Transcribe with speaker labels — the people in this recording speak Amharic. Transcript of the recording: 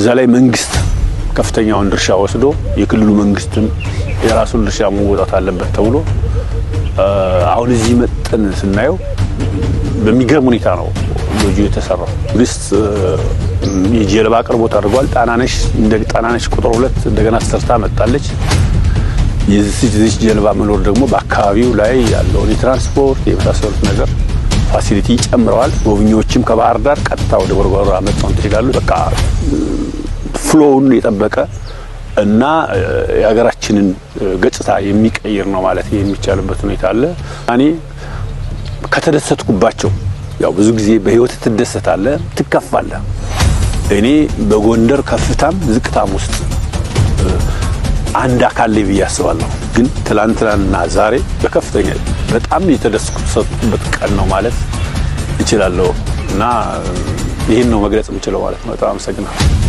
Speaker 1: እዛ ላይ መንግስት ከፍተኛውን ድርሻ ወስዶ የክልሉ መንግስትም የራሱን ድርሻ መወጣት አለበት ተብሎ አሁን እዚህ መጠን ስናየው በሚገርም ሁኔታ ነው ጎጆ የተሰራው። መንግስት የጀልባ አቅርቦት አድርጓል። ጣናነሽ እንደ ጣናነሽ ቁጥር ሁለት እንደገና ሰርታ መጣለች። የዚች ጀልባ መኖር ደግሞ በአካባቢው ላይ ያለውን የትራንስፖርት የመሳሰሉት ነገር ፋሲሊቲ ጨምረዋል። ጎብኚዎችም ከባህር ዳር ቀጥታ ወደ ጎርጎራ መጣውን ትችላሉ። በቃ ፍሎውን የጠበቀ እና የሀገራችንን ገጽታ የሚቀይር ነው ማለት የሚቻልበት ሁኔታ አለ። እኔ ከተደሰትኩባቸው ያው ብዙ ጊዜ በህይወት ትደሰታለ፣ ትከፋለ። እኔ በጎንደር ከፍታም ዝቅታም ውስጥ አንድ አካል ላይ ብዬ አስባለሁ። ግን ትላንትናና ዛሬ በከፍተኛ በጣም የተደሰትኩበት ቀን ነው ማለት እችላለሁ እና ይህን ነው መግለጽ የምችለው ማለት ነው። በጣም አመሰግናለሁ።